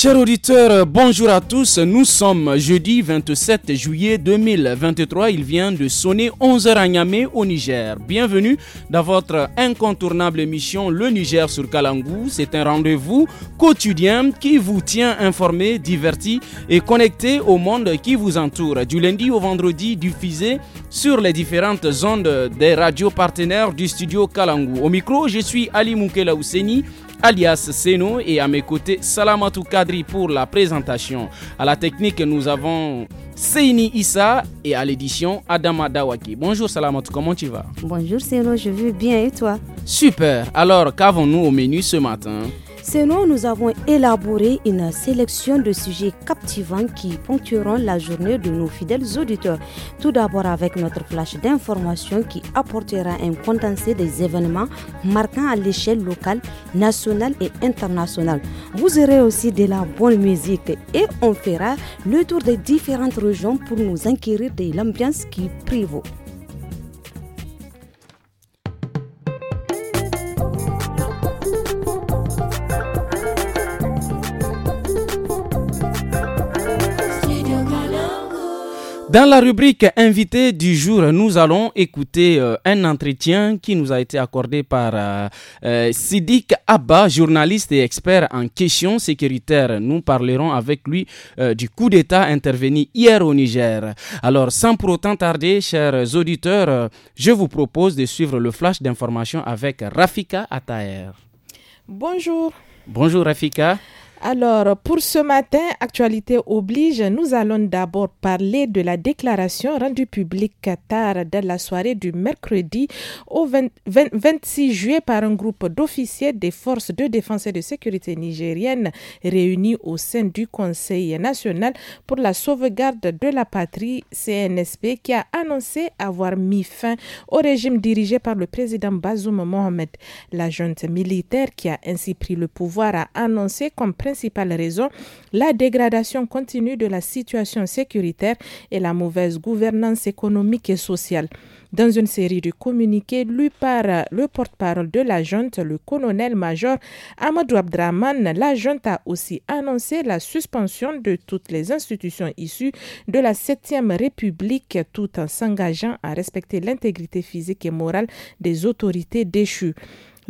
Chers auditeurs, euh, bonjour à tous. Nous sommes jeudi 27 juillet 2023. Il vient de sonner 11h à Niamey au Niger. Bienvenue dans votre incontournable émission Le Niger sur Kalangou. C'est un rendez-vous quotidien qui vous tient informé, diverti et connecté au monde qui vous entoure. Du lundi au vendredi, diffusé sur les différentes ondes des radios partenaires du studio Kalangou. Au micro, je suis Ali Moukela Ouseni alias Seno et à mes côtés Salamatou Kadri pour la présentation. À la technique, nous avons Seini Issa et à l'édition Adama Dawaki. Bonjour Salamatou, comment tu vas Bonjour Seno, je vais bien et toi Super, alors qu'avons-nous au menu ce matin Sinon, nous avons élaboré une sélection de sujets captivants qui ponctueront la journée de nos fidèles auditeurs. Tout d'abord avec notre flash d'information qui apportera un condensé des événements marquants à l'échelle locale, nationale et internationale. Vous aurez aussi de la bonne musique et on fera le tour des différentes régions pour nous inquérir de l'ambiance qui prévaut. Dans la rubrique invité du jour, nous allons écouter euh, un entretien qui nous a été accordé par euh, euh, Abba, journaliste et expert en questions sécuritaires. Nous parlerons avec lui du coup d'État intervenu hier au Niger. Alors, sans pour autant tarder, chers auditeurs, je vous propose de suivre le flash d'information avec Rafika Ataer. Bonjour. Bonjour Rafika. Alors, pour ce matin, actualité oblige, nous allons d'abord parler de la déclaration rendue publique tard dans la soirée du mercredi au 26 juillet par un groupe d'officiers des forces de défense et de sécurité nigériennes réunis au sein du Conseil national pour la sauvegarde de la patrie CNSP qui a annoncé avoir mis fin au régime dirigé par le président Bazoum Mohamed. La junte militaire qui a ainsi pris le pouvoir a annoncé comme principales raisons la dégradation continue de la situation sécuritaire et la mauvaise gouvernance économique et sociale. Dans une série de communiqués lus par le porte-parole de la junte, le colonel-major Amadou Abdraman, la junte a aussi annoncé la suspension de toutes les institutions issues de la 7e République tout en s'engageant à respecter l'intégrité physique et morale des autorités déchues.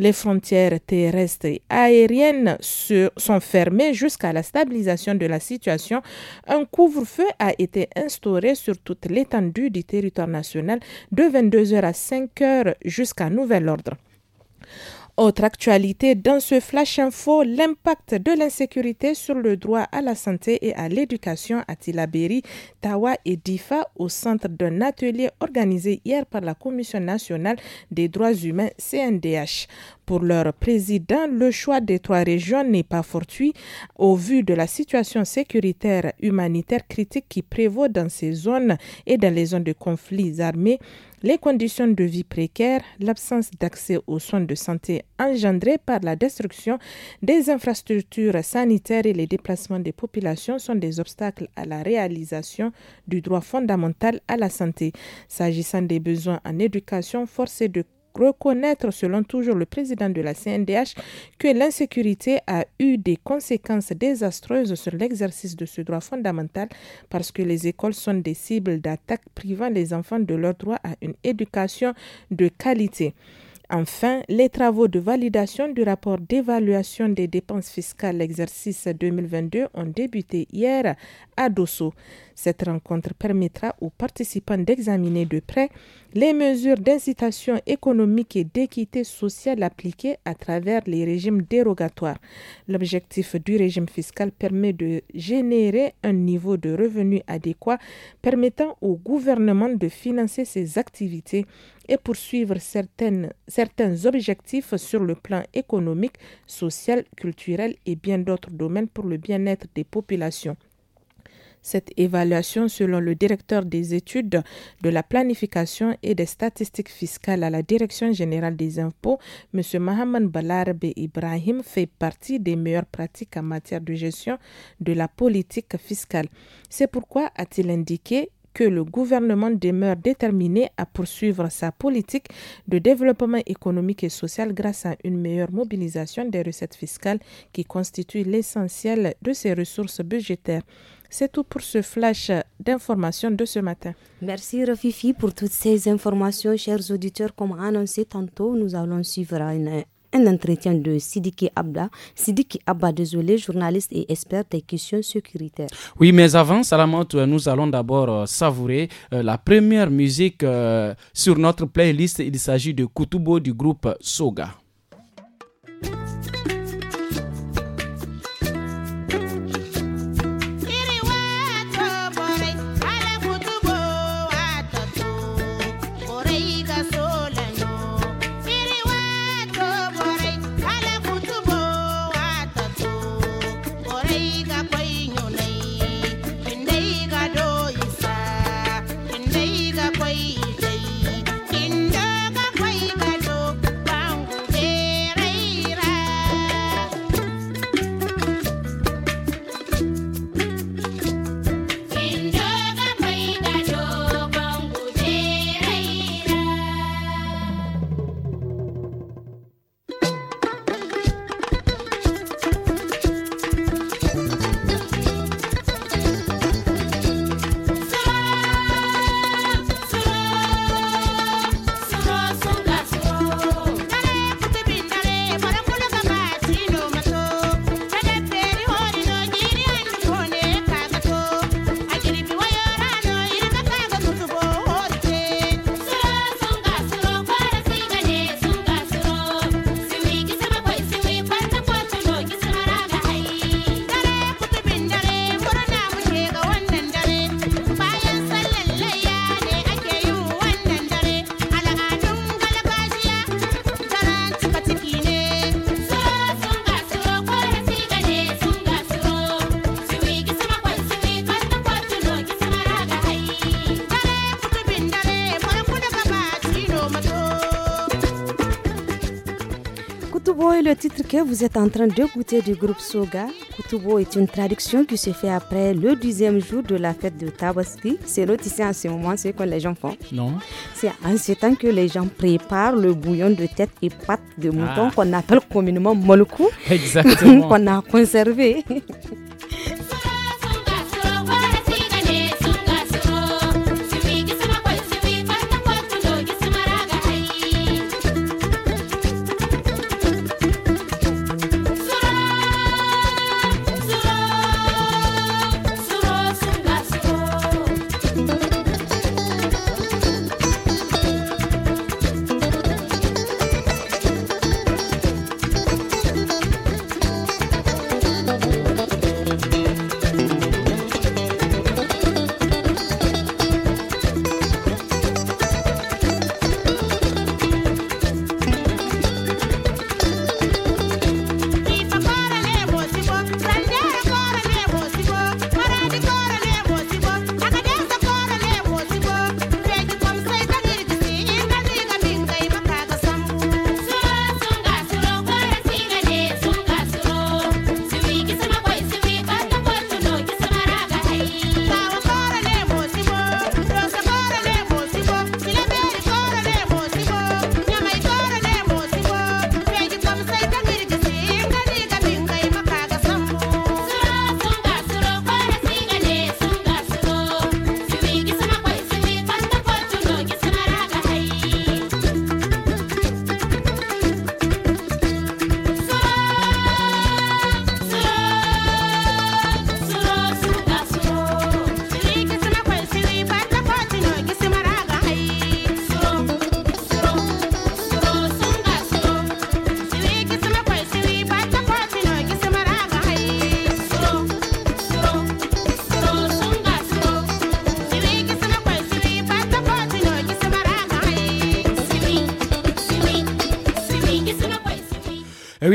Les frontières terrestres et aériennes sont fermées jusqu'à la stabilisation de la situation. Un couvre-feu a été instauré sur toute l'étendue du territoire national de 22h à 5h jusqu'à nouvel ordre. Autre actualité dans ce flash info, l'impact de l'insécurité sur le droit à la santé et à l'éducation à Tilaberi, Tawa et Difa au centre d'un atelier organisé hier par la Commission nationale des droits humains CNDH. Pour leur président, le choix des trois régions n'est pas fortuit au vu de la situation sécuritaire humanitaire critique qui prévaut dans ces zones et dans les zones de conflits armés les conditions de vie précaires, l'absence d'accès aux soins de santé engendrés par la destruction des infrastructures sanitaires et les déplacements des populations sont des obstacles à la réalisation du droit fondamental à la santé. S'agissant des besoins en éducation, force de reconnaître, selon toujours le président de la CNDH, que l'insécurité a eu des conséquences désastreuses sur l'exercice de ce droit fondamental parce que les écoles sont des cibles d'attaques privant les enfants de leur droit à une éducation de qualité. Enfin, les travaux de validation du rapport d'évaluation des dépenses fiscales exercice 2022 ont débuté hier à Dosso. Cette rencontre permettra aux participants d'examiner de près les mesures d'incitation économique et d'équité sociale appliquées à travers les régimes dérogatoires. L'objectif du régime fiscal permet de générer un niveau de revenu adéquat permettant au gouvernement de financer ses activités et poursuivre certaines, certains objectifs sur le plan économique, social, culturel et bien d'autres domaines pour le bien-être des populations. Cette évaluation, selon le directeur des études de la planification et des statistiques fiscales à la Direction générale des impôts, M. Mohamed Balarbe Ibrahim, fait partie des meilleures pratiques en matière de gestion de la politique fiscale. C'est pourquoi, a-t-il indiqué, que le gouvernement demeure déterminé à poursuivre sa politique de développement économique et social grâce à une meilleure mobilisation des recettes fiscales qui constituent l'essentiel de ses ressources budgétaires. C'est tout pour ce flash d'informations de ce matin. Merci Rafifi pour toutes ces informations, chers auditeurs. Comme annoncé tantôt, nous allons suivre une un entretien de Sidiki Abba, Sidiki Abba, désolé, journaliste et expert des questions sécuritaires. Oui, mais avant, Salamantou, nous allons d'abord euh, savourer euh, la première musique euh, sur notre playlist. Il s'agit de Kutubo du groupe Soga. le titre que vous êtes en train d'écouter du groupe Soga. Kutubo est une traduction qui se fait après le deuxième jour de la fête de Tabaski. C'est l'autre en ce moment, c'est que les gens font. Non. C'est en ce temps que les gens préparent le bouillon de tête et pattes de mouton ah. qu'on appelle communément Moloku. Exactement. qu'on a conservé.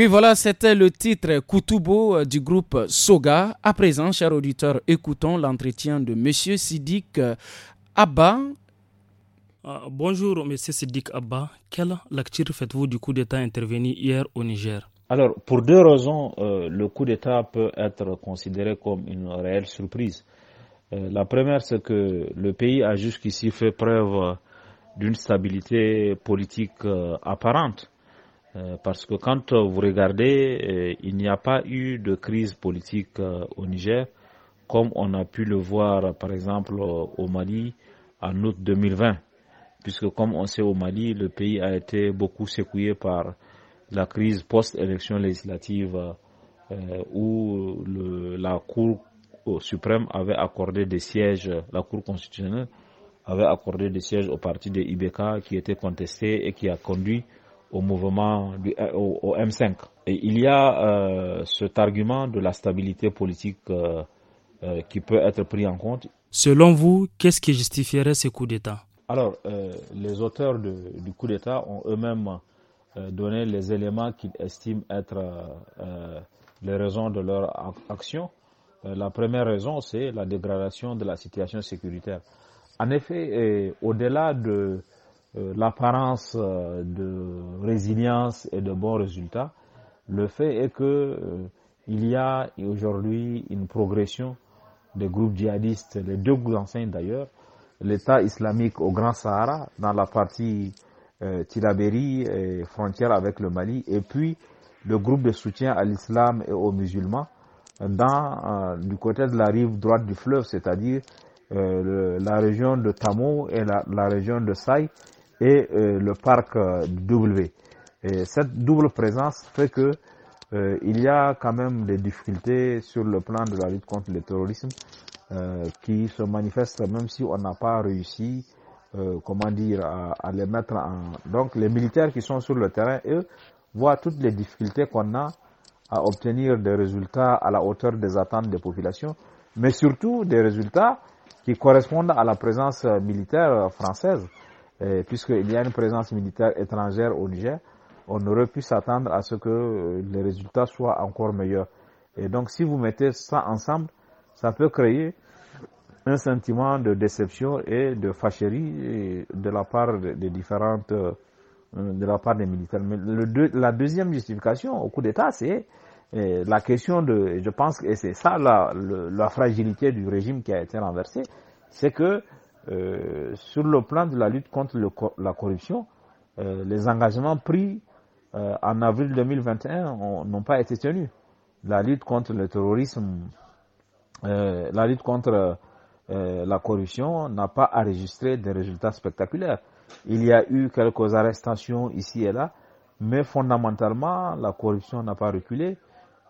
voilà, c'était le titre Koutoubou euh, du groupe Soga. À présent, chers auditeurs, écoutons l'entretien de M. Sidik euh, Abba. Ah, bonjour, M. Sidik Abba. Quelle lecture faites-vous du coup d'État intervenu hier au Niger Alors, pour deux raisons, euh, le coup d'État peut être considéré comme une réelle surprise. la première, c'est que le pays a jusqu'ici fait preuve d'une stabilité politique apparente euh, parce que quand euh, vous regardez, euh, il n'y a pas eu de crise politique au Niger, comme on a pu le voir par exemple au Mali en août 2020, puisque comme on sait au Mali, le pays a été beaucoup secoué par la crise post-élection législative où la Cour suprême avait accordé des sièges, la Cour constitutionnelle avait accordé des sièges au parti de Ibeka qui était contesté et qui a conduit au mouvement euh, au, M5. Et il y a euh, cet argument de la stabilité politique euh, qui peut être pris en compte. Selon vous, qu'est-ce qui justifierait ce coup d'État Alors, les auteurs du coup d'État ont eux-mêmes donné les éléments qu'ils estiment être les raisons de leur action. la première raison, c'est la dégradation de la situation sécuritaire. En effet, au-delà de euh, l'apparence euh, de résilience et de bons résultats, le fait est que euh, il y a aujourd'hui une progression des groupes djihadistes, les deux groupes enseignes d'ailleurs, l'État islamique au Grand Sahara, dans la partie euh, Tilaberi, et frontière avec le Mali, et puis le groupe de soutien à l'islam et aux musulmans, dans, du côté de la rive droite du fleuve, c'est-à-dire la région de Tamo et la, la région de Saï, et euh, le parc euh, W. Et cette double présence fait que euh, il y a quand même des difficultés sur le plan de la lutte contre le terrorisme qui se manifestent même si on n'a pas réussi, comment dire, à, à, les mettre en... Donc les militaires qui sont sur le terrain, eux, voient toutes les difficultés qu'on a à obtenir des résultats à la hauteur des attentes des populations, mais surtout des résultats qui correspondent à la présence militaire française puisqu'il y a une présence militaire étrangère au Niger, on aurait pu s'attendre à ce que euh, les résultats soient encore meilleurs. Et donc, si vous mettez ça ensemble, ça peut créer un sentiment de déception et de fâcherie euh, de la part des différentes, euh, de la part des militaires. Mais le la deuxième justification au coup d'État, c'est la question de, je pense, et c'est ça la, la, fragilité du régime qui a été renversé, c'est que euh, sur le plan de la lutte contre la corruption, euh, les engagements pris euh, en avril 2021 n'ont pas été tenus. La lutte contre le terrorisme, euh, la lutte contre euh, la corruption n'a pas enregistré des résultats spectaculaires. Il y a eu quelques arrestations ici et là, mais fondamentalement, la corruption n'a pas reculé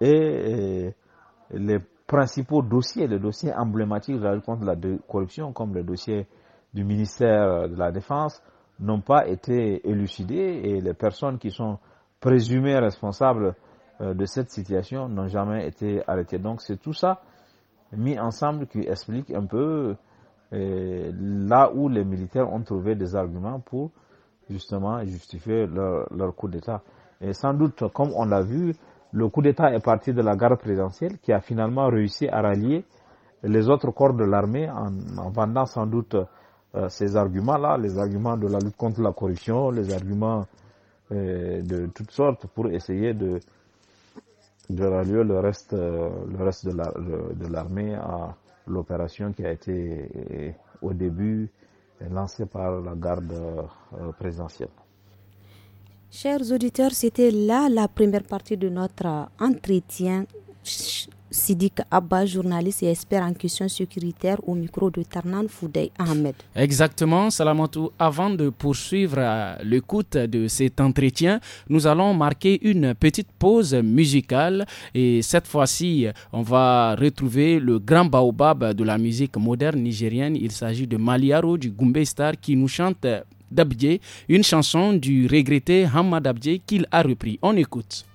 et les principaux dossiers, les dossiers emblématiques de la lutte contre la corruption, comme le dossier du ministère euh, de la Défense, n'ont pas été élucidés et les personnes qui sont présumées responsables euh, de cette situation n'ont jamais été arrêtées. Donc c'est tout ça mis ensemble qui explique un peu euh, là où les militaires ont trouvé des arguments pour justement justifier leur, leur coup d'État. Et sans doute, comme on l'a vu, le coup d'État est parti de la garde présidentielle qui a finalement réussi à rallier les autres corps de l'armée en, vendant sans doute euh, ces arguments-là, les arguments de la lutte contre la corruption, les arguments euh, de toutes sortes pour essayer de, de rallier le reste, euh, le reste de l'armée à l'opération qui a été au début lancée par la garde présidentielle. Chers auditeurs, c'était là la première partie de notre entretien. Sidik Abba, journaliste et expert en questions sécuritaires au micro de Tarnan Foudey Ahmed. Exactement, Salamatou. Avant de poursuivre euh, l'écoute de cet entretien, nous allons marquer une petite pause musicale et cette fois-ci, on va retrouver le grand baobab de la musique moderne nigérienne. Il s'agit de Maliaro du Goumbé Star qui nous chante d'Abdié, une chanson du regretté Hamad Abdié qu'il a repris. On écoute.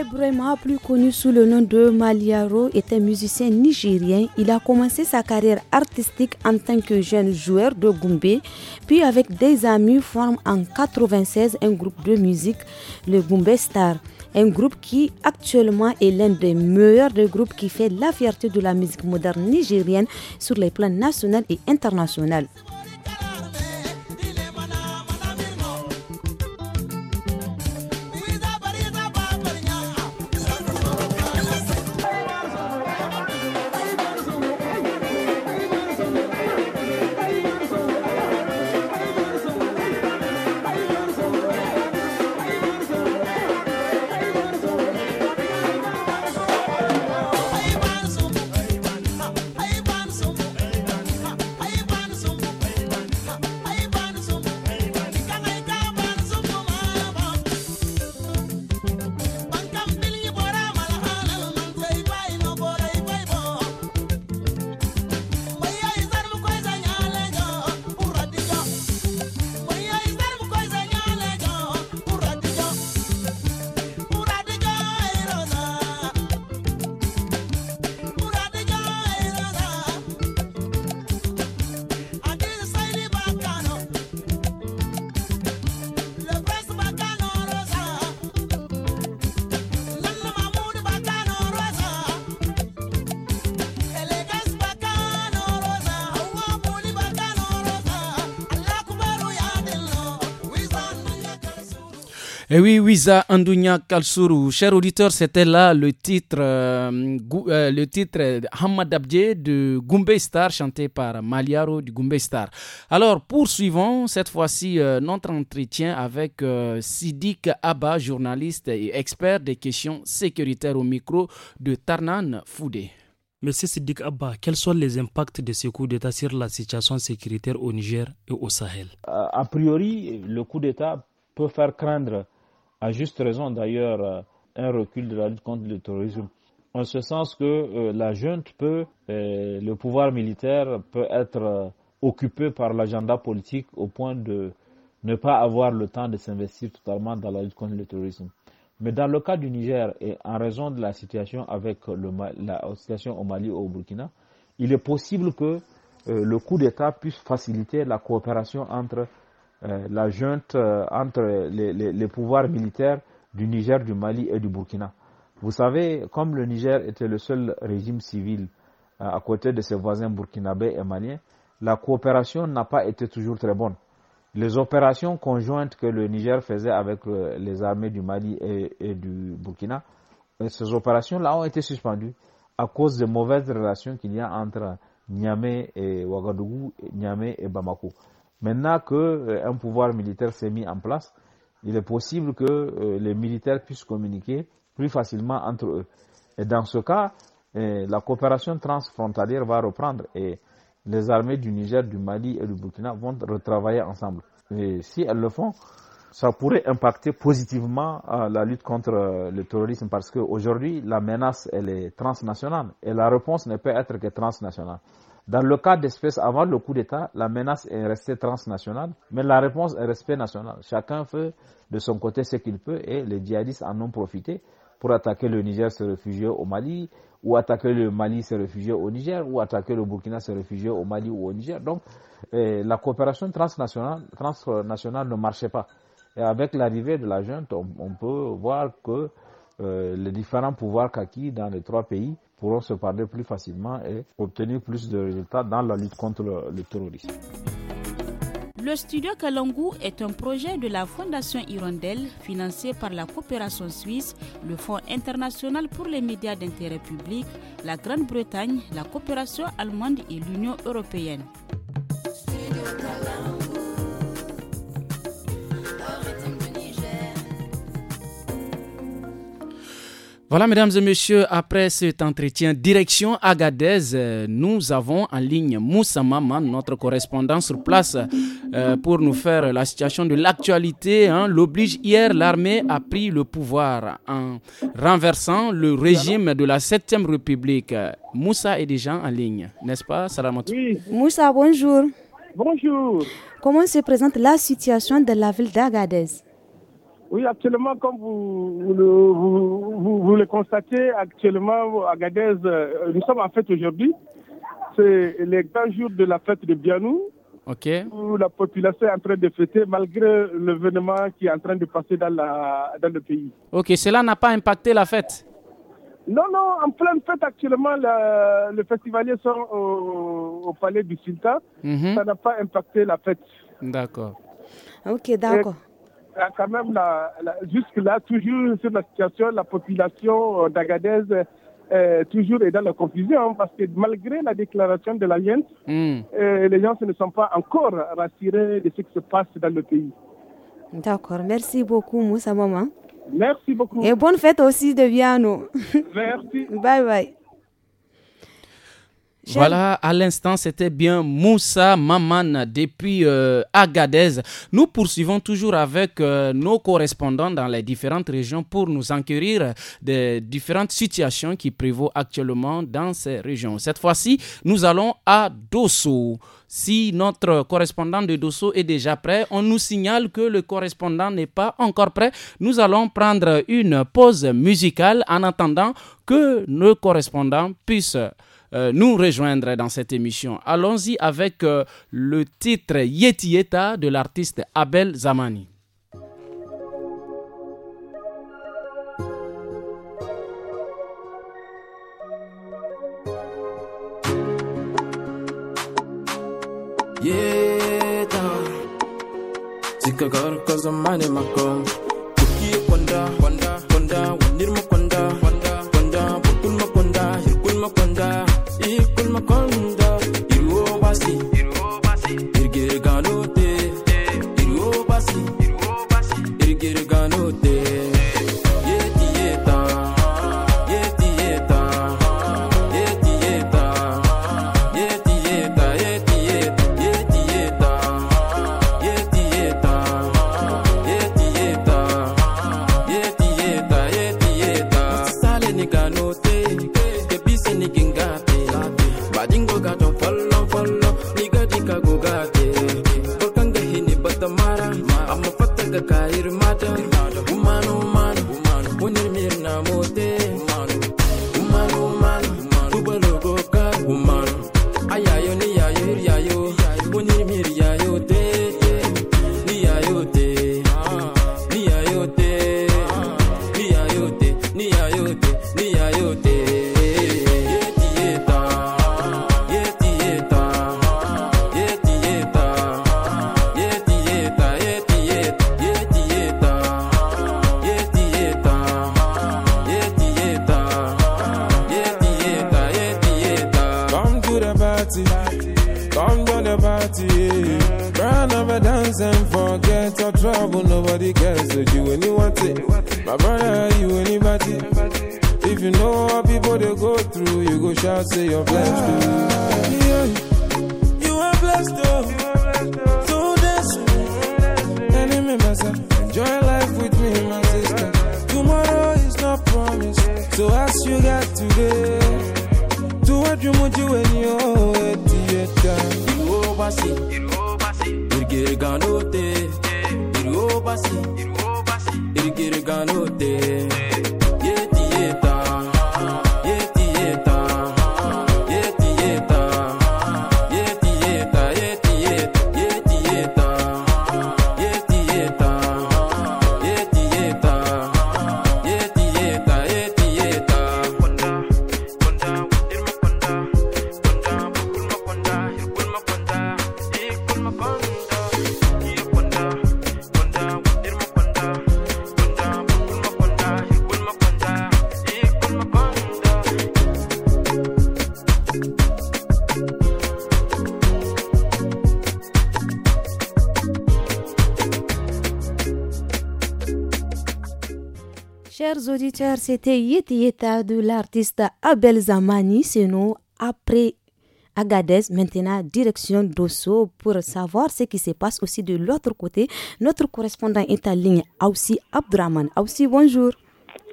Abdoulaye plus connu sous le nom de Maliaro, est un musicien nigérien. Il a commencé sa carrière artistique en tant que jeune joueur de gumbé, puis avec des amis forme en 1996 un groupe de musique, le Gumbé Star un groupe qui actuellement est l'un des meilleurs des groupes qui fait la fierté de la musique moderne nigérienne sur les plans national et international. Et eh oui, Wiza Andounia Kalsuru. Cher auditeur, c'était là le titre, euh, euh, le titre Hamad Abdi de Goumbé Star, chanté par Maliaro du Goumbé Star. Alors, poursuivons cette fois-ci euh, notre entretien avec Sidik Abba, journaliste et expert des questions sécuritaires au micro de Tarnan Foudé. Monsieur Sidik Abba, quels sont les impacts de ce coup d'État sur la situation sécuritaire au Niger et au Sahel A priori, le coup d'État peut faire craindre à juste raison d'ailleurs, euh, un recul de la lutte contre le terrorisme. En ce sens que euh, la junte peut, euh, le pouvoir militaire peut être occupé par l'agenda politique au point de ne pas avoir le temps de s'investir totalement dans la lutte contre le terrorisme. Mais dans le cas du Niger, et en raison de la situation avec le, la situation au Mali ou au Burkina, il est possible que le coup d'État puisse faciliter la coopération entre euh, la junte euh, entre les, pouvoirs militaires du Niger, du Mali et du Burkina. Vous savez, comme le Niger était le seul régime civil euh, à côté de ses voisins burkinabés et maliens, la coopération n'a pas été toujours très bonne. Les opérations conjointes que le Niger faisait avec les armées du Mali et, et du Burkina, ces opérations-là ont été suspendues à cause des mauvaises relations qu'il y a entre Niamey et Ouagadougou, Niamey et Bamako. Maintenant qu'un euh, pouvoir militaire s'est mis en place, il est possible que euh, les militaires puissent communiquer plus facilement entre eux. Et dans ce cas, euh, la coopération transfrontalière va reprendre et les armées du Niger, du Mali et du Burkina vont retravailler ensemble. Et si elles le font, ça pourrait impacter positivement la lutte contre le terrorisme parce qu'aujourd'hui, la menace, elle est transnationale et la réponse ne peut être que transnationale. Dans le cas d'espèces avant le coup d'État, la menace est restée transnationale, mais la réponse est restée nationale. Chacun fait de son côté ce qu'il peut et les djihadistes en ont profité pour attaquer le Niger, se réfugier au Mali, ou attaquer le Mali, se réfugier au Niger, ou attaquer le Burkina, se réfugier au Mali ou au Niger. Donc, eh, la coopération transnationale, transnationale ne marchait pas. Et avec l'arrivée de la junte, on, peut voir que euh, les différents pouvoirs qu'acquis dans les trois pays pourront se parler plus facilement et obtenir plus de résultats dans la lutte contre le, terrorisme. Le studio Kalangu est un projet de la Fondation Hirondelle financé par la coopération suisse, le Fonds international pour les médias d'intérêt public, la Grande-Bretagne, la coopération allemande et l'Union européenne. Voilà, mesdames et messieurs, après cet entretien direction Agadez, euh, nous avons en ligne Moussa Maman, notre correspondant sur place, euh, pour nous faire la situation de l'actualité. Hein. L'oblige, hier, l'armée a pris le pouvoir en renversant le régime de la 7 République. Moussa est déjà en ligne, n'est-ce pas, Salamatou oui. Moussa, bonjour. Bonjour. Comment se présente la situation de la ville d'Agadez oui, actuellement, comme vous, vous, le, le, constatez, actuellement, à Gadez, euh, nous sommes en fête aujourd'hui. C'est les grands jours de la fête de Bianou. ok Où la population est en train de fêter malgré l'événement qui est en train de passer dans, la, dans le pays. Ok, cela n'a pas impacté la fête non, non, en pleine fête actuellement, la, les festivaliers sont au, palais du Sultan. Mhm. Ça n'a pas impacté la fête. D'accord. Ok, d'accord. Euh, quand même, jusque-là, toujours sur la situation, la population euh, d'Agadez euh, euh, toujours est dans la confusion parce que malgré la déclaration de l'Alliance, hmm. les gens ne sont pas encore rassurés de ce qui se passe dans le pays. D'accord. Merci beaucoup, Moussa Maman. Merci beaucoup. Et bonne fête aussi de Viano. Merci. bye bye. Voilà, à l'instant, c'était bien Moussa Maman depuis euh, Agadez. Nous poursuivons toujours avec euh, nos correspondants dans les différentes régions pour nous enquérir des différentes situations qui prévaut actuellement dans ces régions. Cette fois-ci, nous allons à Dosso. Si notre correspondant de Dosso est déjà prêt, on nous signale que le correspondant n'est pas encore prêt. Nous allons prendre une pause musicale en attendant que nos correspondants puissent euh, nous rejoindre dans cette émission. Allons-y avec euh, le titre Yeti Eta » de l'artiste Abel Zamani. My brother, you anybody. If you know how people they go through, you go shout, say you're blessed. Too. Oh. Yeah. You are blessed, though. So this, enemy myself. Enjoy life with me, my sister. Tomorrow is not promised, so as you got today. Do what you want you when you're at the You oversee, you are oversee. You are a gun, no day. You oversee. gonna Cher, c'était Yeti Yita de l'artiste Abel Zamani, c'est nous. après Agadez, maintenant direction d'Osso pour savoir ce qui se passe aussi de l'autre côté. Notre correspondant est en ligne, Aussi Abdraman. Aussi, bonjour.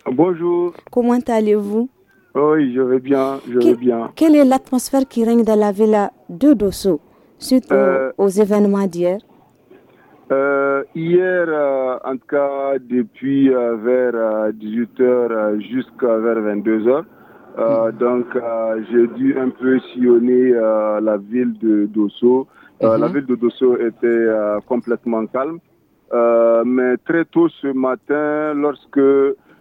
Bonjour. Comment allez-vous Oui, je vais bien, je vais bien. Quelle est l'atmosphère qui règne dans la ville de Dosso suite euh, aux événements d'hier euh, hier, euh, en tout cas, depuis euh, vers 18h jusqu'à vers 22h, mm. donc j'ai dû un peu sillonner la ville de Dosso. Mm-hmm. La ville de Dosso était complètement calme. mais très tôt ce matin, lorsque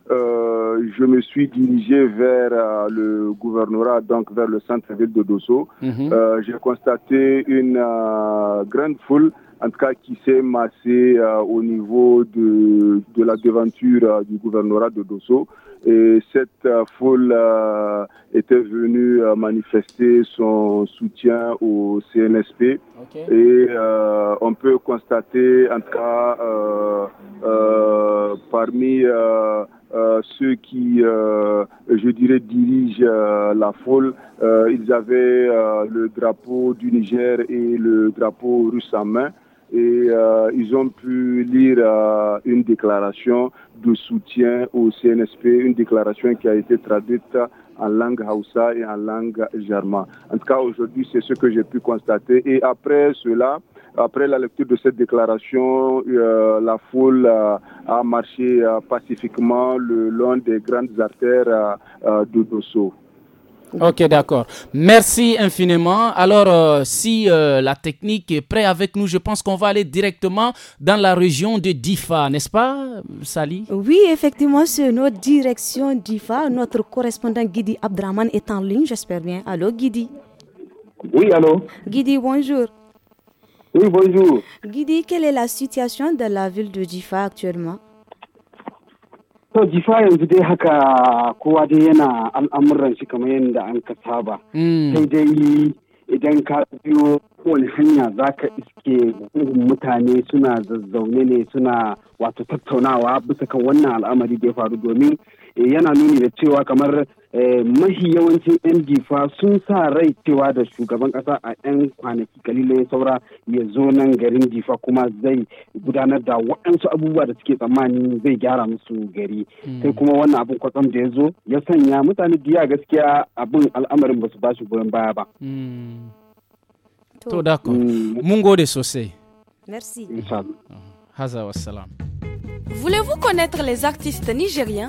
je me suis dirigé vers le gouvernorat, donc vers le centre-ville de Dosso, mm-hmm. j'ai constaté une grande foule en tout cas qui s'est massé euh, au niveau de, de la devanture euh, du gouvernorat de Dosso. Et cette euh, foule était venue manifester son soutien au CNSP. Et on peut constater, en tout cas, parmi ceux qui, je dirais, dirigent la foule, ils avaient le drapeau du Niger et le drapeau russe en main et euh, ils ont pu lire euh, une déclaration de soutien au CNSP, une déclaration qui a été traduite en langue Hausa et en langue germain. En tout cas, aujourd'hui, c'est ce que j'ai pu constater. Et après cela, après la lecture de cette déclaration, euh, la foule a marché pacifiquement le long des grandes artères de Dosso. Ok, d'accord. Merci infiniment. Alors, euh, si euh, la technique est prête avec nous, je pense qu'on va aller directement dans la région de Difa, n'est-ce pas, Sali Oui, effectivement, c'est notre direction Difa. Notre correspondant Guidi Abdraman est en ligne, j'espère bien. Allô, Guidi Oui, allô Guidi, bonjour. Oui, bonjour. Guidi, quelle est la situation de la ville de Difa actuellement To jifa yanzu dai haka kowa dai yana al'amuran shi kamar yadda an ka saba. Hmm. Sai dai idan ka biyo kowane hanya za ka iske mutane suna zazzaune ne suna wato tattaunawa bisa kan wannan al'amari da ya faru domin Eh, yana nuni da cewa kamar eh, mahi yawancin 'yan jifa sun sa rai cewa da shugaban kasa a 'yan kwanaki kalilan ya saura ya zo nan garin jifa kuma zai gudanar da waɗansu abubuwa da suke tsammani zai gyara musu gari hmm. sai kuma wannan abin kwatsam da ya zo ya sanya mutane diya gaskiya abin al'amarin ba su ba shi goyon baya ba. Hmm. To, dako, hmm. mun gode sosai. Merci. salam. Voulez-vous connaître les artistes nigériens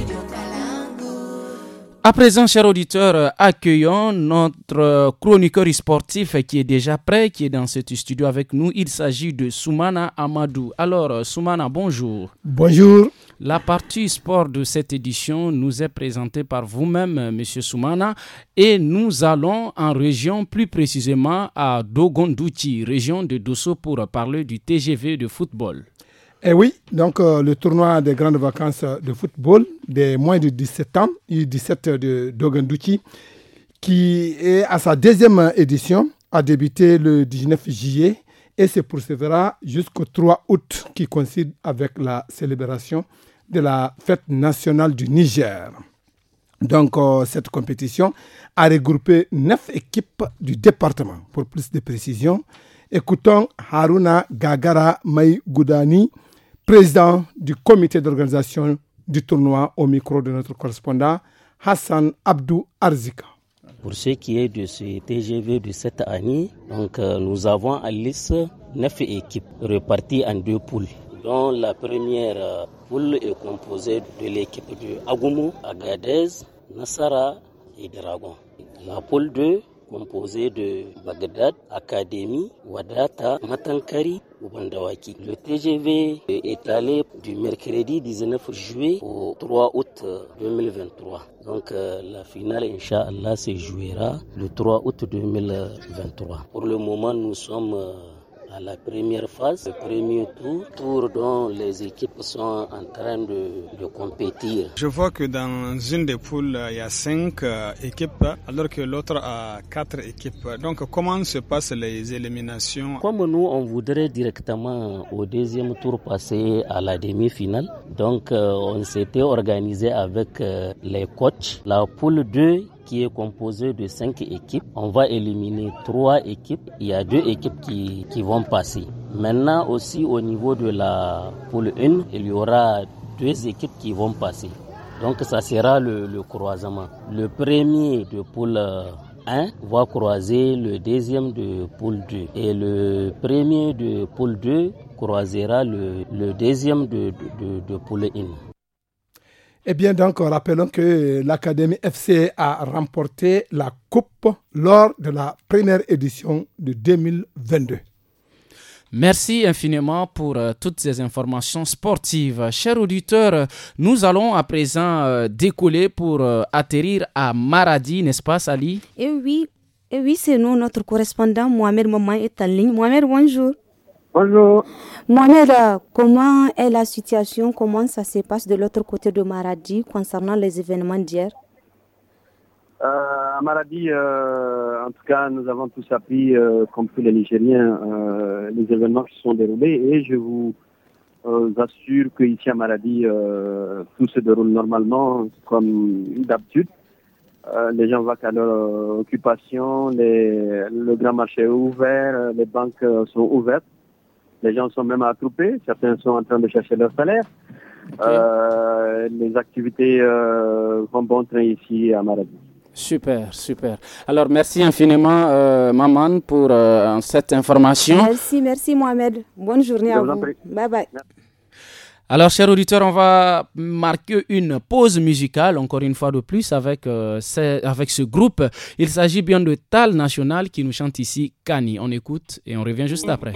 À présent, chers auditeurs, accueillons notre chroniqueur sportif qui est déjà prêt, qui est dans ce studio avec nous. Il s'agit de Soumana Amadou. Alors, Soumana, bonjour. Bonjour. La partie sport de cette édition nous est présentée par vous-même, Monsieur Soumana, et nous allons en région, plus précisément à Dogondouti, région de Dosso, pour parler du TGV de football. Eh oui, donc euh, le tournoi des grandes vacances de football des moins de 17 ans, du 17 de Doganduchi, qui est à sa deuxième édition, a débuté le 19 juillet et se poursuivra jusqu'au 3 août, qui coïncide avec la célébration de la fête nationale du Niger. Donc, euh, cette compétition a regroupé neuf équipes du département. Pour plus de précision, écoutons Haruna Gagara Maïgoudani, président du comité d'organisation du tournoi au micro de notre correspondant Hassan Abdou Arzika. Pour ce qui est de ce TGV de cette année, donc, euh, nous avons à liste neuf équipes reparties en deux poules dont la première euh, poule est composée de l'équipe de Agumu, Agadez, Nassara et Dragon. La poule 2 composé de Bagdad, Académie, Wadata, Matankari, Ubandawaki. Le TGV est allé du mercredi 19 juillet au 3 août 2023. Donc euh, la finale, Inch'Allah, se jouera le 3 août 2023. Pour le moment, nous sommes... Euh, à la première phase, le premier tour, tour dont les équipes sont en train de, de compétir. Je vois que dans une des poules, il y a cinq euh, équipes, alors que l'autre a quatre équipes. Donc, comment se passent les éliminations Comme nous, on voudrait directement au deuxième tour passer à la demi-finale. Donc, euh, on s'était organisé avec euh, les coachs. La poule 2 qui est composé de cinq équipes. On va éliminer trois équipes. Il y a deux équipes qui, qui vont passer. Maintenant aussi au niveau de la poule 1, il y aura deux équipes qui vont passer. Donc ça sera le, croisement. Le premier de poule 1 va croiser le deuxième de poule 2 et le premier de poule 2 croisera le, deuxième de, de, de poule 1. Eh bien, donc, rappelons que l'Académie FC a remporté la Coupe lors de la première édition de 2022. Merci infiniment pour euh, toutes ces informations sportives. Chers auditeurs, nous allons à présent euh, décoller pour euh, atterrir à Maradi, n'est-ce pas, Sali Eh oui, eh oui c'est nous, notre correspondant Mohamed Maman est en ligne. Mohamed, bonjour. Bonjour. Mohamed, comment est la situation Comment ça se passe de l'autre côté de Maradi concernant les événements d'hier euh, à Maradi, euh, en tout cas, nous avons tous appris, euh, comme tous les Nigériens, les événements qui se sont déroulés et je vous assure qu'ici à Maradi, tout se déroule normalement comme d'habitude. les gens vont à leur occupation, le grand marché est ouvert, les banques sont ouvertes. Les gens sont même attroupés, certains sont en train de chercher leur salaire. Euh, les activités euh, vont bon train ici à Maradi. Super, super. Alors, merci infiniment, euh, Maman, pour euh, cette information. Merci, merci, Mohamed. Bonne journée à vous. Bye bye. Alors, chers auditeurs, on va marquer une pause musicale, encore une fois de plus, avec, ce, avec ce groupe. Il s'agit bien de Tal National qui nous chante ici Kani. On écoute et on revient juste après.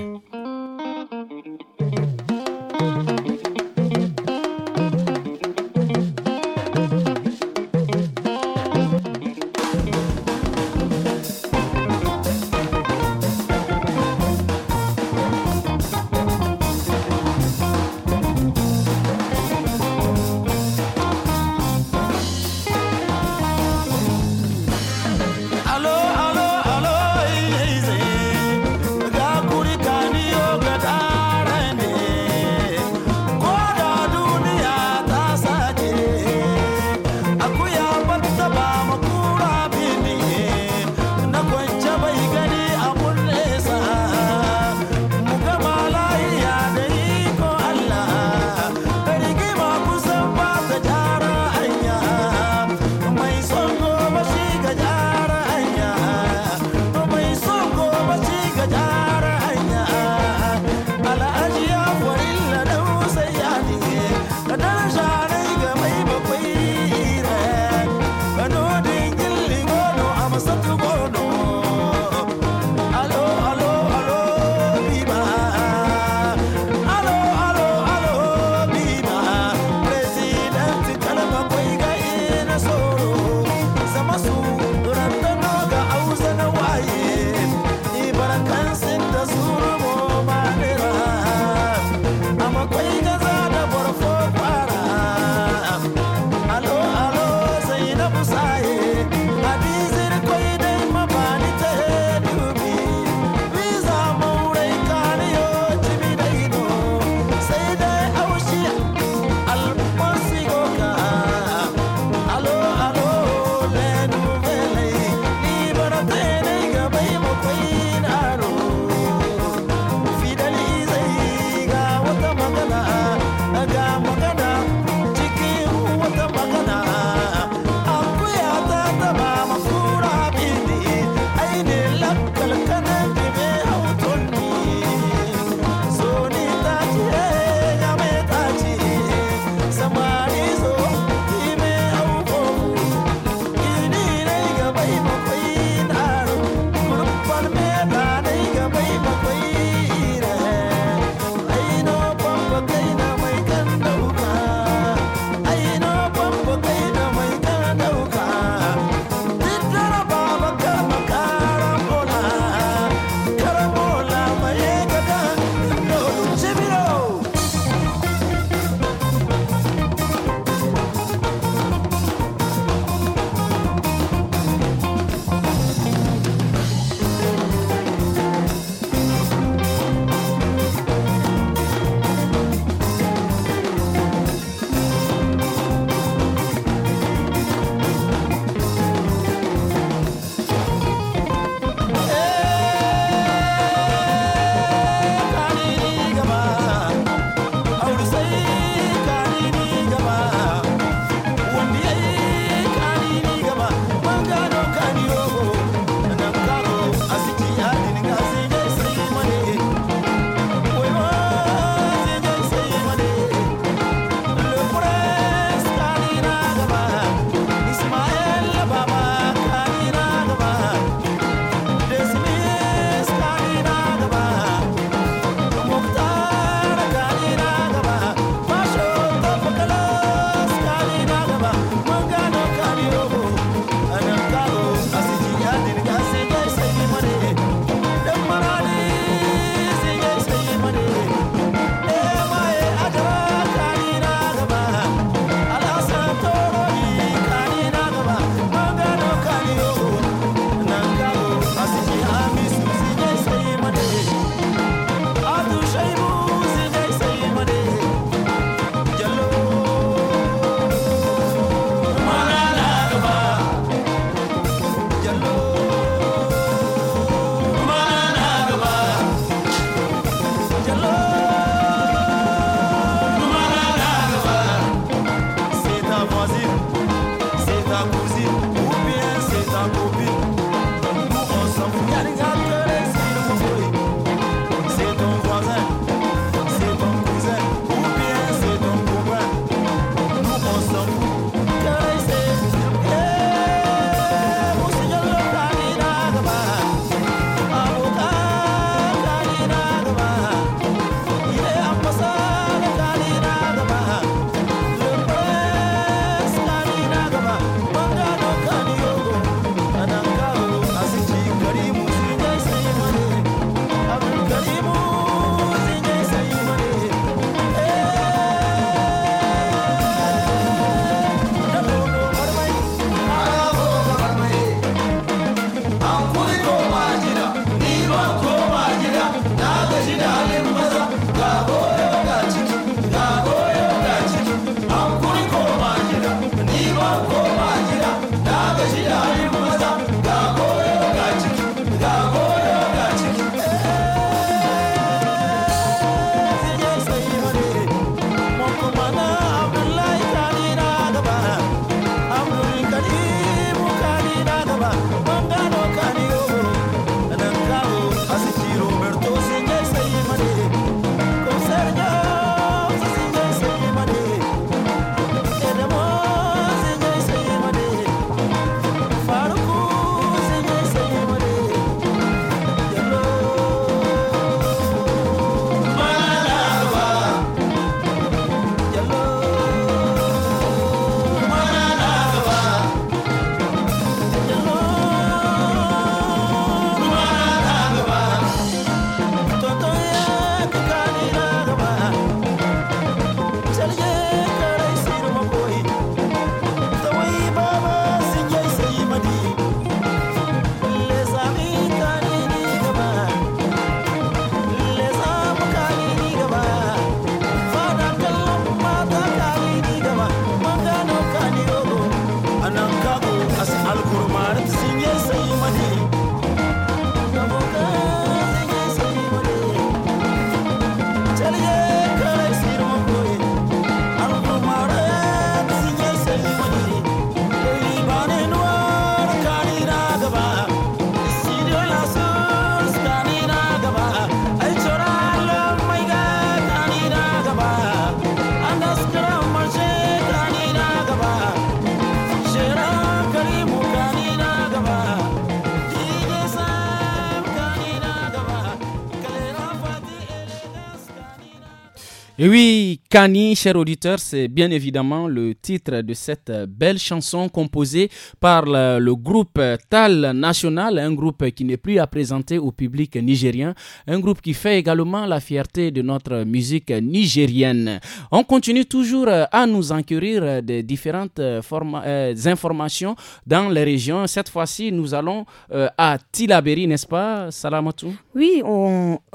oui, Kani, cher auditeur, c'est bien évidemment le titre de cette belle chanson composée par le groupe Tal National, un groupe qui n'est plus à présenter au public nigérien, un groupe qui fait également la fierté de notre musique nigérienne. On continue toujours à nous enquérir des différentes euh, euh, informations dans les régions. Cette fois-ci, nous allons euh, à Tilaberi, n'est-ce pas, Salamatu Oui,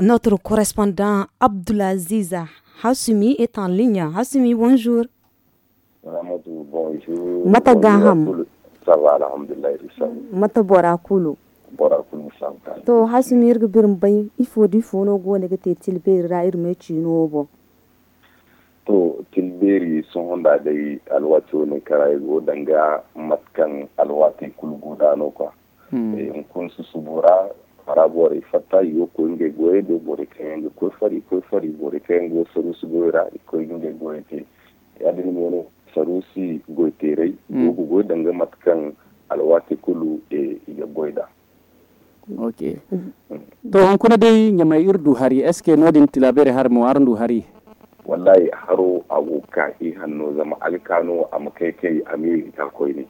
notre correspondant Ziza. Hasumi est en ligne. Hasumi, bonjour. Ramadou, bonjour. Mata Gaham. Ça va, alhamdulillah, Mata Borakulu. Borakulu Sankara. To, Hasumi, irga birin bai, ifo di fono go ne ga te tilberi ra irme cino bo. To, tilberi sun honda dai alwato ne karai go danga matkan alwati kulgu dano kwa. in hmm. eh, kun su subura arabore ifata yuko ingegwe fari borekenge kufari kufari borekenge sorusi ko iko ingegwe te yadin mono sarusi goitere mm. yuko go nga matkan alwati kulu e iga goida ok mm. to on kuna dai nyama irdu hari eske din tilabere har mo arndu hari wallahi haro abu i hanno zama alkano a makaikai amiri ta koyi ne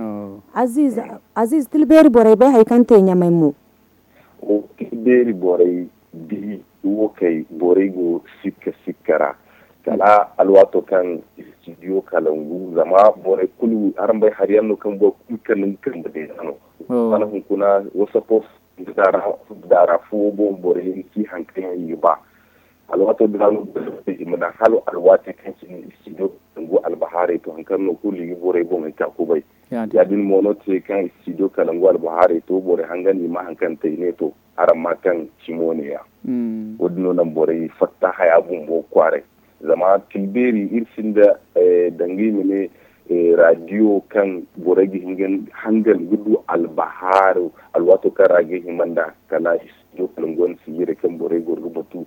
oh. aziz mm. aziz tilberi borai bai haikanta ya mai mu o kiberi borai bi wokai borai go sikka sikkara kala alwato kan studio kalangu zama borai kulu aran bai no yanno kan bo kulkanin kan bade nano hun kuna wasa dara dara fo bo borai ki hankan yi ba alwato dilanu imana halu alwati kancin studio ngu albahare to hankan no kuli gibore bon ita kubai ya din mono te kan studio kala ngu albahari to bore hangan ni ma hankan te ne to aram makan kan chimone ya wodno nan bore fatta haya bun bo kware zama tilberi irsinda eh, dangi mene eh, radio kan boregi hingen hangal gudu albaharu alwato kan himanda e kala e studio kala ngu siyire kan bore gorgo e batu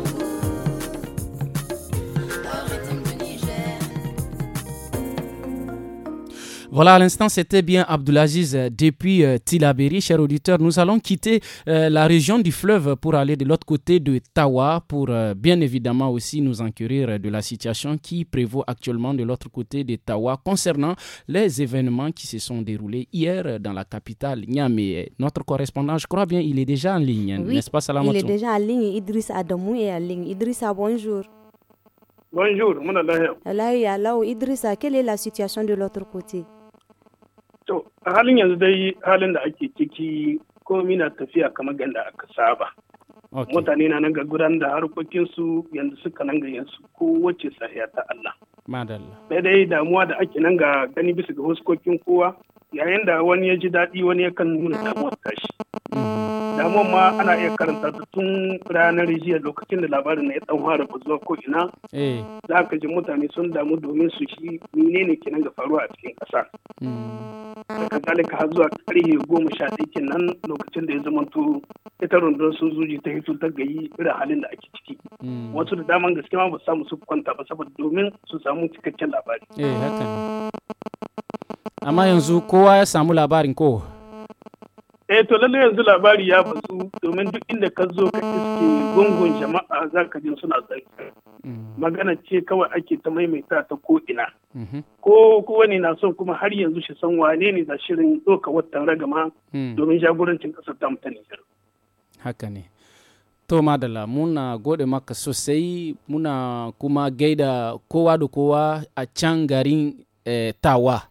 Voilà, à l'instant, c'était bien Abdulaziz euh, depuis euh, Tilaberi. Chers auditeurs, nous allons quitter euh, la région du fleuve pour aller de l'autre côté de Tawa pour euh, bien évidemment aussi nous enquérir de la situation qui prévaut actuellement de l'autre côté de Tawa concernant les événements qui se sont déroulés hier dans la capitale Niamey. Notre correspondant, je crois bien, il est déjà en ligne, hein, n'est-ce pas Salamatou Il est déjà en ligne, Idriss Adamou est en ligne. Idrissa, bonjour. Bonjour, mon Allah. Allah, Idrissa, quelle est la situation de l'autre côté To, a halin yanzu dai halin da ake ciki komi na tafiya kamar ganda aka saba. Mutane na nan ga gudanar da harkokinsu yanzu suka nan ga yansu wacce sahiya ta Allah. Madalla. Sai dai damuwa da ake nan ga gani bisa ga huskokin kowa yayin da wani ya ji daɗi wani yakan nuna damuwar tashi damuwar ma ana iya karanta ta tun ranar jiya lokacin da labarin na ya ɗan fara zuwa ko ina eh. za ka ji mutane sun damu domin su shi ne kenan ga faruwa a cikin ƙasa hmm. daga dalika har zuwa ƙarfe goma sha ɗaya kenan lokacin da ya zama to ita rundunar sun zuji ta hito ta gayi irin halin da ake ciki hmm. wasu da daman gaske ma ba samu su kwanta ba saboda domin su samu cikakken labari eh, amma yanzu kowa ya samu labarin ko eh to lalle yanzu labari ya basu domin duk inda ka zo ka iske gungun jama'a za ka jin suna tsaki mm-hmm. magana ce kawai ake ta maimaita ta ko'ina ina mm-hmm. ko kowane na son kuma har yanzu shi san wane ne da shirin doka watan ragama mm. domin jagorancin kasar ta mutane haka ne to madala muna gode maka sosai muna kuma gaida kowa da kowa a can garin eh, tawa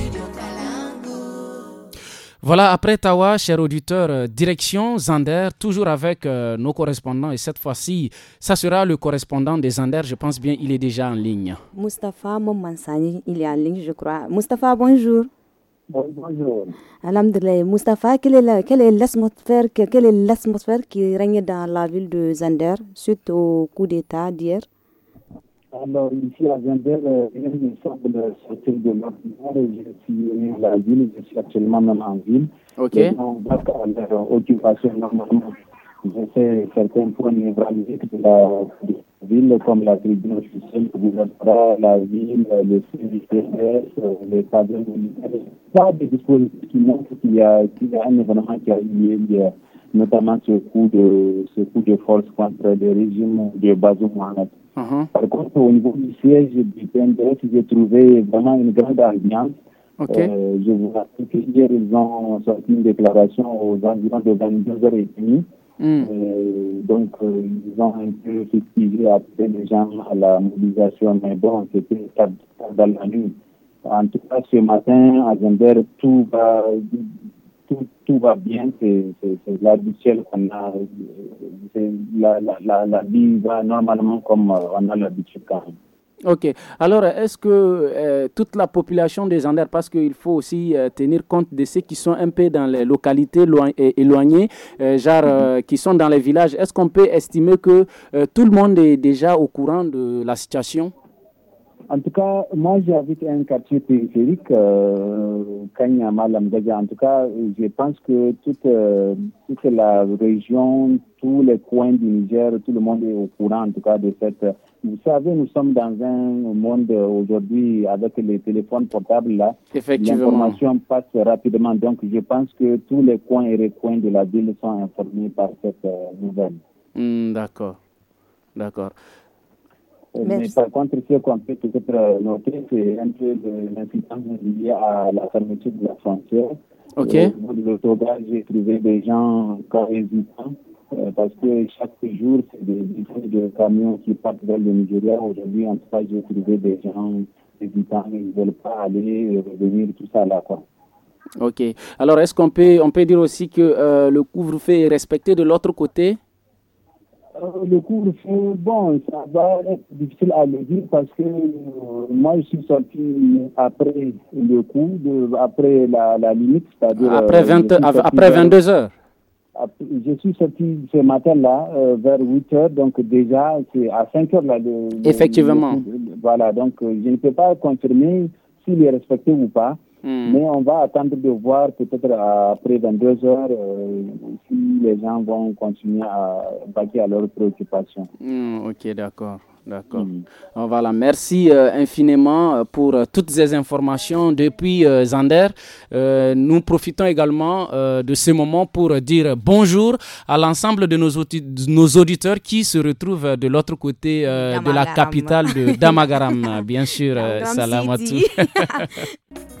Voilà, après Tawa, cher auditeur, euh, direction Zander, toujours avec euh, nos correspondants. Et cette fois-ci, ça sera le correspondant des Zander. Je pense bien il est déjà en ligne. Moustapha Momansani, il est en ligne, je crois. Mustafa, bonjour. Bonjour. Alhamdulillah. quelle est l'atmosphère qui règne dans la ville de Zander suite au coup d'État d'hier alors, ici à euh, il rien ne semble sortir de l'ordinaire. Je suis à la ville, je suis actuellement même en ville. Ok. Et on à normalement. Je sais certains points névralgiques de la, ville, comme la tribune officielle que vous la ville, le CVTS, euh, les cadres y Pas des dispositifs qui montrent qu'il y, y, a un événement qui a eu lieu hier notamment ce coup de, force contre le régime de Bazou Mohamed. Uh-huh. Par contre, au niveau du siège du PNDS, j'ai trouvé vraiment une grande ambiance. Euh, je vous rappelle qu'hier, ils ont sorti une déclaration aux environs de 22h30. Hmm. Euh, donc, euh, ils ont un peu fustigé après à la mobilisation, mais bon, c'était tard dans la nuit. En tout cas, ce matin, à Zender, tout va, tout, va bien, c'est la qu'on a, la, vie va normalement comme on a l'habitude quand même. Ok. Alors, est-ce que euh, toute la population des Anders, parce qu'il faut aussi euh, tenir compte de ceux qui sont un peu dans les localités loin et éloignées, euh, genre mm-hmm. qui sont dans les villages, est-ce qu'on peut estimer que tout le monde est déjà au courant de la situation en tout cas, moi j'habite un quartier périphérique, euh, En tout cas, je pense que toute, euh, toute la région, tous les coins du Niger, tout le monde est au courant en tout cas de cette. Vous savez, nous sommes dans un monde aujourd'hui avec les téléphones portables là. L'information passe rapidement. Donc je pense que tous les coins et les coins de la ville sont informés par cette euh, nouvelle. Hmm, d'accord. D'accord. Eh, mais par contre, ce qu'on peut peut-être noter, c'est un peu l'incidence liée à la fermeture de la frontière. Ok. de j'ai trouvé des gens encore euh, parce que chaque jour, c'est des camions qui partent vers le Nigeria. Aujourd'hui, en tout cas, j'ai trouvé des gens hésitants, ils ne veulent pas aller, revenir, tout ça là, quoi. Ok. Alors, est-ce qu'on peut, on peut dire aussi que euh, le couvre-feu est respecté de l'autre côté euh, le cours, bon, ça va être difficile à le dire parce que euh, moi, je suis sorti après le cours, de, après la, la limite, c'est-à-dire... Après, 20, euh, après 22 heures je suis sorti ce matin-là vers 8 heures, donc déjà c'est à 5 heures là. de Effectivement. voilà, donc je ne peux pas confirmer s'il est respecté ou pas. Hmm. Mais on va attendre de voir peut-être après 22 heures euh, si les gens vont continuer à baquer à leurs préoccupations. Hmm, ok, d'accord. D'accord. Hmm. Voilà, merci euh, infiniment euh, pour toutes ces informations depuis Zander. nous profitons également de ce moment pour dire bonjour à l'ensemble de nos, nos, auditeurs qui se retrouvent de l'autre côté de la capitale de Damagaram, bien sûr. tous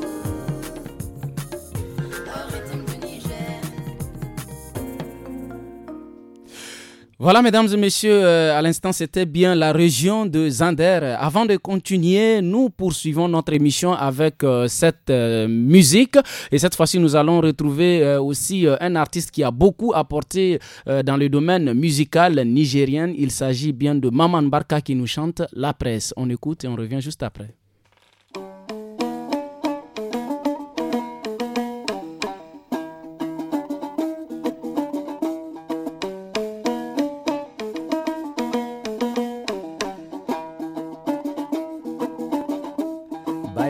Voilà, mesdames et messieurs, euh, à l'instant, c'était bien la région de Zander. Avant de continuer, nous poursuivons notre émission avec euh, cette euh, musique. Et cette fois-ci, nous allons retrouver aussi un artiste qui a beaucoup apporté dans le domaine musical nigérien. Il s'agit bien de Maman Barka qui nous chante La Presse. On écoute et on revient juste après.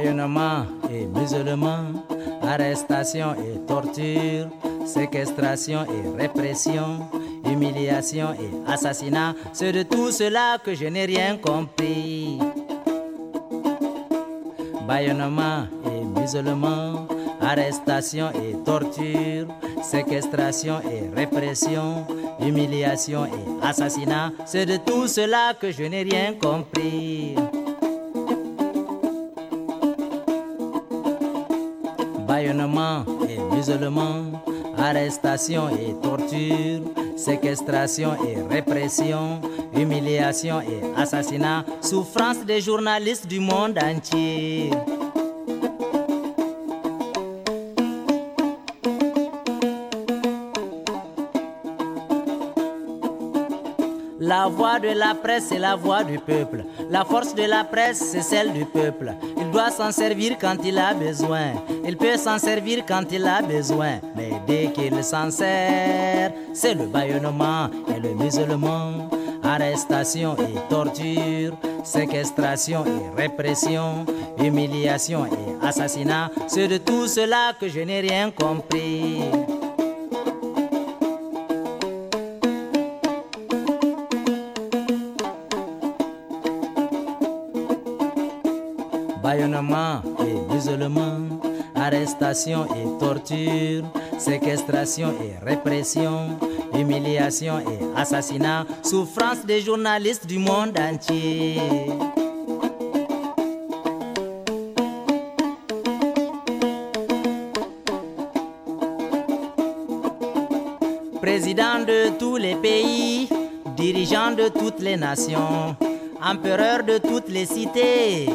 Bayonnement et musulman, arrestation et torture, séquestration et répression, humiliation et assassinat. C'est de tout cela que je n'ai rien compris. Bayonnement et musulman, arrestation et torture, séquestration et répression, humiliation et assassinat. C'est de tout cela que je n'ai rien compris. arrestation et torture, séquestration et répression, humiliation et assassinat, souffrance des journalistes du monde entier. La voix de la presse, c'est la voix du peuple. La force de la presse, c'est celle du peuple doit s'en servir quand il a besoin. Il peut s'en servir quand il a besoin. Mais dès qu'il s'en sert, c'est le baillonnement et le musulman. Arrestation et torture, séquestration et répression, humiliation et assassinat. C'est de tout cela que je n'ai rien compris. et torture, séquestration et répression, humiliation et assassinat, souffrance des journalistes du monde entier. Président de tous les pays, dirigeant de toutes les nations, empereur de toutes les cités,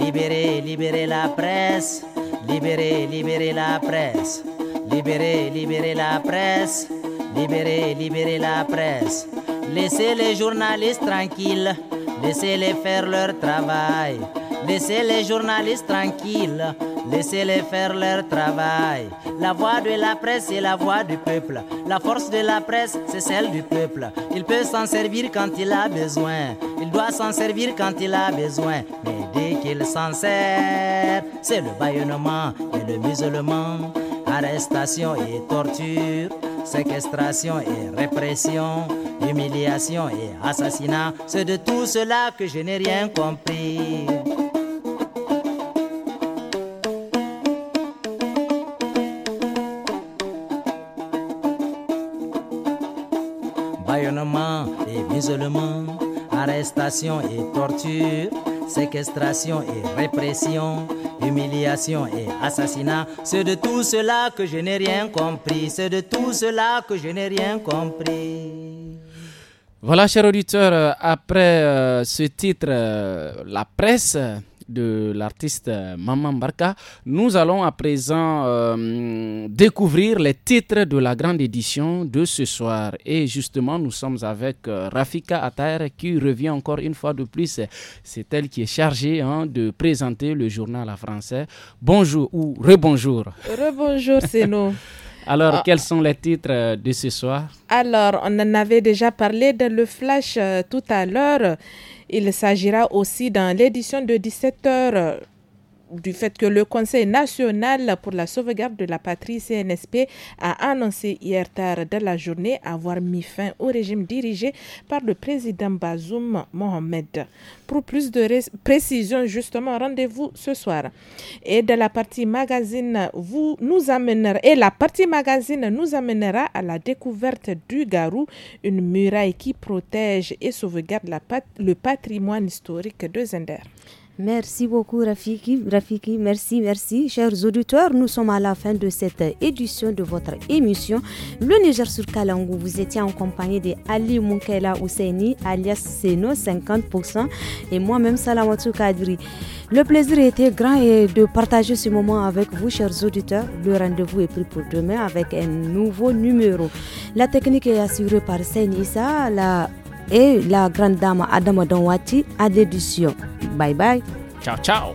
libérez, libérez la presse. Libérez, libérez la presse. Libérez, libérez la presse. Libérez, libérez la presse. Laissez les journalistes tranquilles. Laissez-les faire leur travail. Laissez les journalistes tranquilles. Laissez-les faire leur travail. La voix de la presse est la voix du peuple. La force de la presse, c'est celle du peuple. Il peut s'en servir quand il a besoin. Il doit s'en servir quand il a besoin. Mais dès qu'il s'en sert, c'est le bayonnement et le musulman. Arrestation et torture, séquestration et répression, humiliation et assassinat. C'est de tout cela que je n'ai rien compris. et torture, séquestration et répression, humiliation et assassinat. C'est de tout cela que je n'ai rien compris. C'est de tout cela que je n'ai rien compris. Voilà, chers auditeurs, euh, après euh, ce titre, euh, la presse de l'artiste euh, Maman Barka. Nous allons à présent euh, découvrir les titres de la grande édition de ce soir. Et justement, nous sommes avec euh, Rafika Atair qui revient encore une fois de plus. C'est elle qui est chargée hein, de présenter le journal à français. Bonjour ou rebonjour. Rebonjour, c'est nous. Alors, ah. quels sont les titres euh, de ce soir Alors, on en avait déjà parlé dans le flash euh, tout à l'heure. Il s'agira aussi dans l'édition de 17h du fait que le Conseil national pour la sauvegarde de la patrie CNSP a annoncé hier tard dans la journée avoir mis fin au régime dirigé par le président Bazoum Mohamed. Pour plus de précisions, justement, rendez-vous ce soir. Et de la partie magazine, vous nous amènera, et la partie magazine nous amènera à la découverte du Garou, une muraille qui protège et sauvegarde le patrimoine historique de Zender. Merci beaucoup Rafiki, Rafiki, merci, merci. Chers auditeurs, nous sommes à la fin de cette édition de votre émission. Le Niger sur Kalangou, vous étiez en compagnie de Ali Munkela Ousseini, alias Seno 50%, et moi-même Salamatou Kadri. Le plaisir était grand de partager ce moment avec vous, chers auditeurs. Le rendez-vous est pris pour demain avec un nouveau numéro. La technique est assurée par Senisa. la et la grande dame Adama Donwati à l'édition. Bye bye. Ciao, ciao.